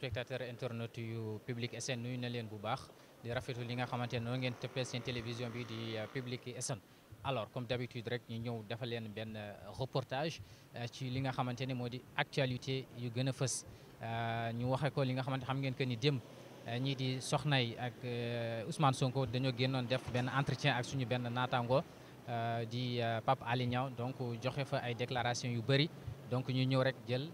spectateurs internautes yu Public SN nous na leen bu baax di rafetu li nga xamante ne noonu ngeen toppee seen télévision bi di euh, Public SN alors comme d'habitude rek ñu ñëw dafa leen benn euh, reportage euh, ci li nga xamante ne moo actualité yu gën a fës ñu waxee ko li nga xamante xam ngeen ni démb ñii di soxnay ak Ousmane Sonko dañu génnoon def ben entretien ak suñu ben natango di Pape Ali Niaw donc joxé fa ay déclaration yu bari donc ñu ñëw rek jël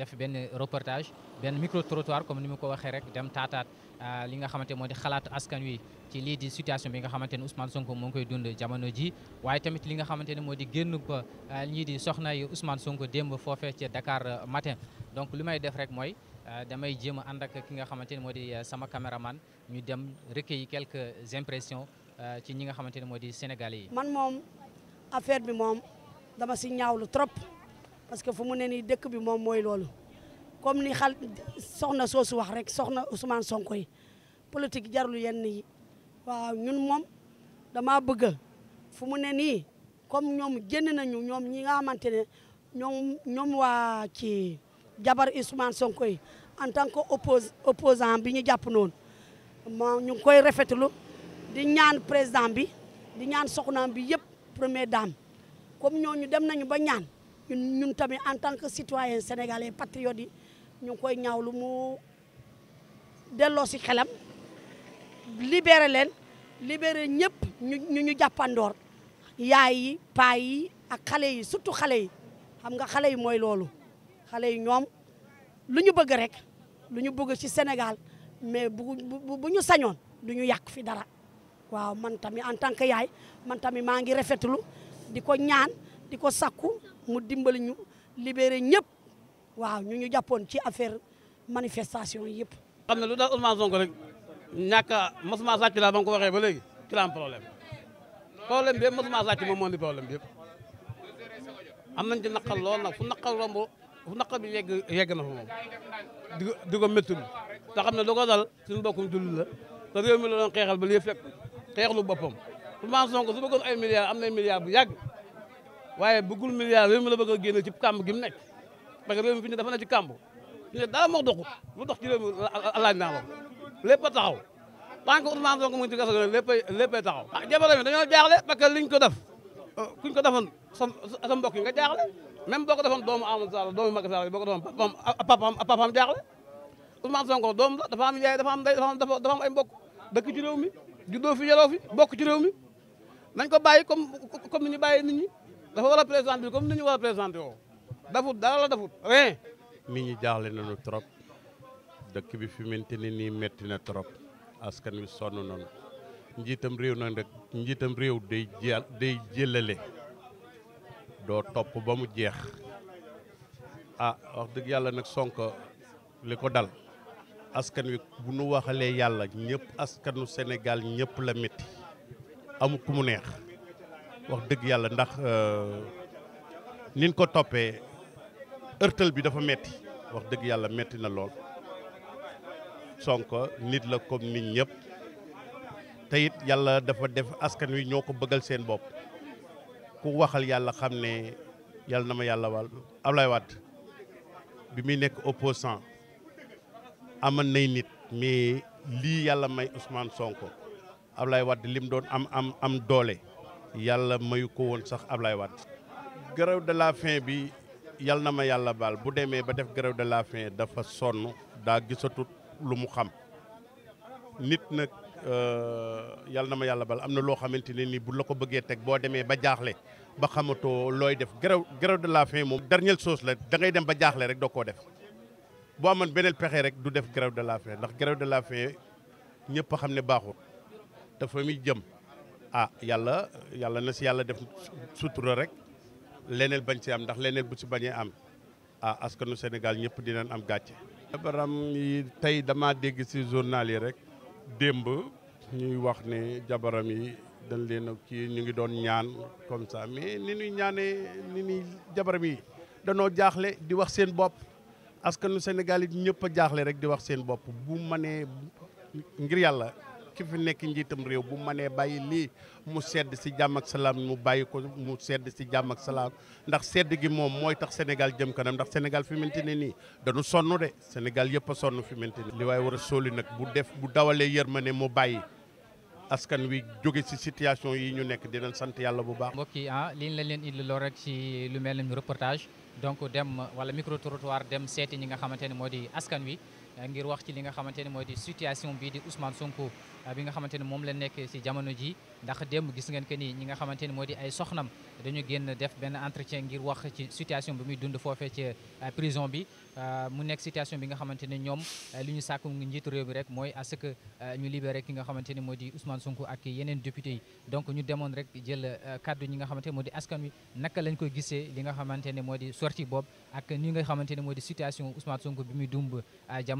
def ben reportage ben micro trottoir comme ni mu ko rek dem taataat euh, li nga xamante modi di xalaatu askan wi ci li di situation bi nga xamante Ousmane Sonko mo ngi dund jamono ji waye tamit li nga xamante modi gennu ko génn euh, di soxna yu Ousmane Sonko démb fofé ci Dakar euh, matin donc limay def rek moy damay jéem a ak ki nga xamante modi sama caméraman ñu dem recueillir quelques impressions ci ñi nga xamante modi Sénégalais man mom affaire bi mom dama ci ñaawlu trop. parce que fu mu ne nii dëkk bi moom mooy loolu comme ni xal soxna soosu wax rek soxna Ousmane Sonko yi politique jarul yenn yi waaw ñun moom damaa bëgg fu mu ne nii comme ñoom génn nañu ñoom ñi nga xamante ne ñoom ñoom waa ci jabar Ousmane Sonko yi en tant que oppos opposant bi ñu jàpp noonu ma ñu ngi koy rafetlu di ñaan président bi di ñaan soxnaam bi yëpp première dame comme ñooñu dem nañu ba ñaan ñun tamit en tant que citoyen sénégalais patriote yi ñu koy ñaawlu mu delloo si xelam libéré leen libéré ñëpp ñu ñu jàppandoor yaay yi paa yi ak xale yi surtout xale yi xam nga xale yi mooy loolu xale yi ñoom lu ñu bëgg rek lu ñu bëgg ci sénégal mais bu bu ñu sañoon du ñu yàq fi dara waaw man tamit en tant que yaay man tamit maa ngi rafetlu di ko ñaan di ko sakku mu dimbali ñu libéré ñëpp waaw ñu ñu jàppoon ci affaire manifestation yëpp. xam ne lu daal Ousmane Sonko rek ñàkk a mosuma sàcc laa ba nga ko waxee ba léegi ci la am problème problème bi yëpp mosuma sàcc moom moo problème bi am nañ ci naqar lool fu naqar romb fu naqar bi yegg yegg na fa moom di ko di ko métti ne lu ko dal suñu bokkum jullit la te mi la doon xeexal ba léegi fekk xeexlu boppam Ousmane Sonko su ay milliards bu yàgg. waaye bëggul milliard réew mi la bëgg a génne ci kàmb gi mu nekk parce que réew mi fi ne dafa nekk ci kàmb fi ne dara moo doxut lu dox ci réew laaj naa ko lépp a taxaw tant que Ousmane mu ngi ci kaso gi léppay léppay taxaw ah jabaram yi dañoo jaaxle parce que liñ ko def euh, kuñ ko defoon sa sa mbokk yi nga jaaxle même boo ko defoon doomu Amadou Sall doomu Macky Sall boo ko defoon papaam papaam papaam jaaxle Ousmane Sonko doom la dafa am yaay dafa am day dafa am ay mbokk dëkk ci réew mi juddoo fi yaroo fi bokk ci réew mi nañ ko bàyyi comme comme ni ñu bàyyi nit ñi da war a présenté comme ni ñu war a présenté woo oh. dafut dara la dafut rien. nit ñi jaaxle nañu trop dëkk bi fi mu ne nii metti na trop askan wi sonn nañu njiitam réew nag rek njiitam réew day jël day jëlale doo topp ba mu jeex ah wax dëgg yàlla nag Sonko li ko dal askan wi bu nu waxalee yàlla ñëpp askanu Sénégal ñëpp la métti amu ku mu neex. wax dëgg yàlla ndax euh, niñ ko toppee ërtal bi dafa metti wax dëgg yàlla metti na lool Sonko nit la comme nit ñëpp te it yàlla dafa def askan wi ñoo ko bëggal seen bopp ku waxal yàlla xam ne yàlla na ma yàlla wàll Ablaye Wade bi muy nekk opposant aman nay nit mais lii yàlla may Ousmane Sonko Ablaye Wade lim doon am am am doole yàlla mayu ko woon sax Ablaye Wade grève de la faim bi yàlla na ma yàlla baal bu demee ba def grève de la faim dafa sonn daa gisatut lu mu xam nit nag euh, yàlla na ma yàlla baal am na loo xamante ne ni bu la ko bëggee teg boo demee ba jaaxle ba xamatoo looy def grève grève de la faim moom dernière chose la da ngay dem ba jaaxle rek doo koo def boo amoon beneen pexe rek du def grève de la faim ndax grève de la faim ñëpp xam ne baaxul dafa muy jëm ah yalla yalla na ci yalla def sutura rek leneel bañ ci am ndax leneel bu ci bañé am ah askanu sénégal ñëpp dinañ am gatché baram yi tay dama dégg ci journal yi rek demb ñuy wax ne jabaram yi dañ leen ki ñu ngi doon ñaan comme ça mais ni ñuy ñaané ni ni jabaram yi dañoo jaaxlé di wax seen bopp askanu sénégal yi ñëpp jaaxlé rek di wax seen bopp bu mané ngir yalla ki fi nekk njiitam réew bu manee bàyyi lii mu sedd si jàmm ak salaam mu bàyyi ko mu sedd si jàmm ak salaam ndax sedd gi moom mooy tax Sénégal jëm kanam ndax Sénégal fi mante ne nii dañu sonn de Sénégal yëpp a sonn fi mante ne li waaye war a sóoli nag bu def bu dawalee ne mu bàyyi askan wi jóge si situation yi ñu nekk dina sant yàlla bu baax. mbokk yi ah liñ la leen indil rek ci lu mel ni reportage donc dem wala micro trottoir dem seeti ñi nga xamante ne moo di askan wi. Eh, ngir wax ci li nga xamante ne mooy di situation bii di Ousmane Sonko eh, bi nga xamante ne moom la nekk ci jamono ji ndax démb gis ngeen que ni ñi nga xamante ne moo di ay soxnam dañu génn def benn entretien ngir wax ci situation bi muy dund foofee ci eh, prison bi mu nekk situation bi nga xamante ne ñoom li ñu sàkku njiitu réew rek mooy à que ñu libéré ki nga xamante ne moo di Ousmane Sonko ak yeneen député yi donc ñu demoon rek jël kaddu ñi nga xamante ne moo di askan wi naka lañ koy gisee li nga xamante ne moo di sortie boobu ak ñi nga xamante ne moo di situation Ousmane Sonko bi muy dumb jamono